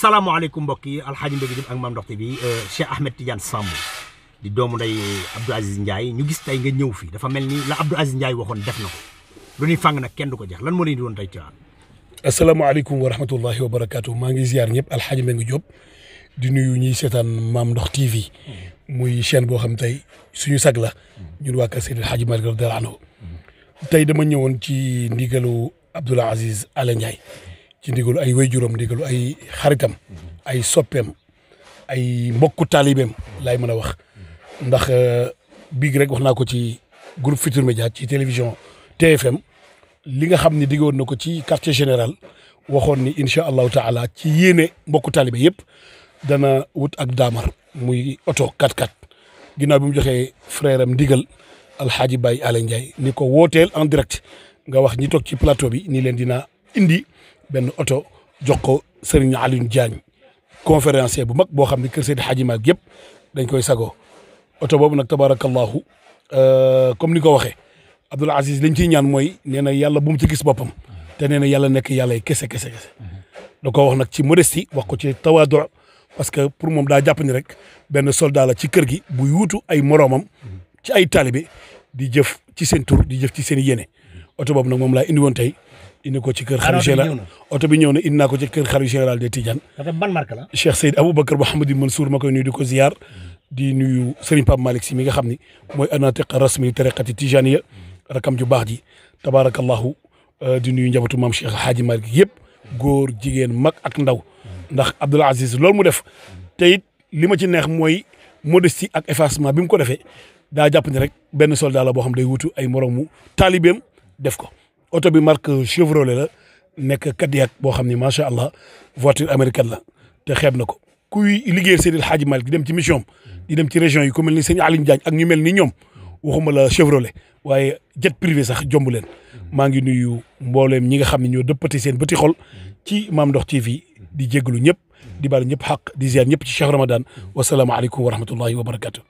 salaamaaleykum mbokk yi alxaaji Mbégi Diop ak Mame Ndokh TV euh, Cheikh Ahmed Tidiane Samb di doomu nday Abdou Aziz Ndiaye ñu gis tey nga ñëw fi dafa mel ni la Abdou Aziz Ndiaye waxoon def na ko lu ñuy fàng kenn du ko jeex lan moo leen di woon tey Tiwaawan. asalaamaaleykum wa rahmatullahi wa barakaatu maa ngi ziar ñëpp alxaaji Mbégi Diop di nuyu ñuy seetaan Mame Ndokh TV muy chaîne boo xam tey suñu sag la ñun waa kër Seydil Hadji Malick radiyallahu anhu tey dama ñëwoon ci ndigalu Abdoul Aziz Ala Ndiaye. ci ndigalu ay wayjuram ndigalu ay xaritam ay soppeem ay mbokku taalibeem laay mën a wax ndax euh, biig rek wax naa ko ci groupe Futur Média ci télévision TFM li nga xam ne diggoon na ko ci quartier général waxoon ni incha allahu taala ci yéene mbokku taalibe yëpp dana wut ak daamar muy oto 4x4 bi mu joxee frère ndigal alxaaji Baye Alé Ndiaye ni ko wooteel en direct nga wax ñi toog ci plateau bi nii leen dina indi benn oto jox ko Serigne Alioune Diagne conférencier bu mag boo xam ne kër Seydi Hadji Malick yëpp dañ koy sago oto boobu nag tabarakallahu euh, comme ni ko waxee Abdoul Aziz liñ ciy ñaan mooy nee na yàlla bu mu ci gis boppam te nee na nekk yàlla kese kese kese da ko wax nag ci modestie wax ko ci tawaadu parce que pour moom daa jàpp ni rek benn soldat la ci kër gi bu yuutu ay moroomam ci ay taalibe di jëf ci seen tur di jëf ci seen yene oto boobu nag moom laa indi woon tey indi ko ci kër xarit général oto bi ñëw na indi ko ci kër xarit général de Tidiane. ban marque la. Cheikh Seydou Aboubacar ma koy nuyu di ko ziar. di nuyu serin Pape Malick si mi nga xam ni mooy anaatiq rasmi tariqati tijaniya rakam ju baax ji tabaarakallahu euh, di nuyu njabootu maam Cheikh Hadji Malick yëpp góor jigéen mag ak ndaw ndax Abdoul Aziz loolu mu def te it li ma ci neex mooy modestie ak effacement bi mu ko defee daa jàpp ni rek benn soldat la boo xam day wutu ay moromu taalibeem def ko. oto bi marque Chevrolet la nekk Cadillac boo xam ne macha allah voiture américaine la te xeeb na ko kuy liggéey Seydil Hadji Malick di dem ci mission di dem ci région yi ku mel ni sëñ Aliou Diagne ak ñu mel ni ñoom waxuma la Chevrolet waaye jet privé sax jomb leen maa ngi nuyu mbooleem ñi nga xam ne ñoo dëppati seen bati xol ci Mame Ndokh TV di jégalu ñëpp di baal ñëpp xaq di ziar ñëpp ci Cheikh Ramadan wasalaamaaleykum wa rahmatullahi wa barakatu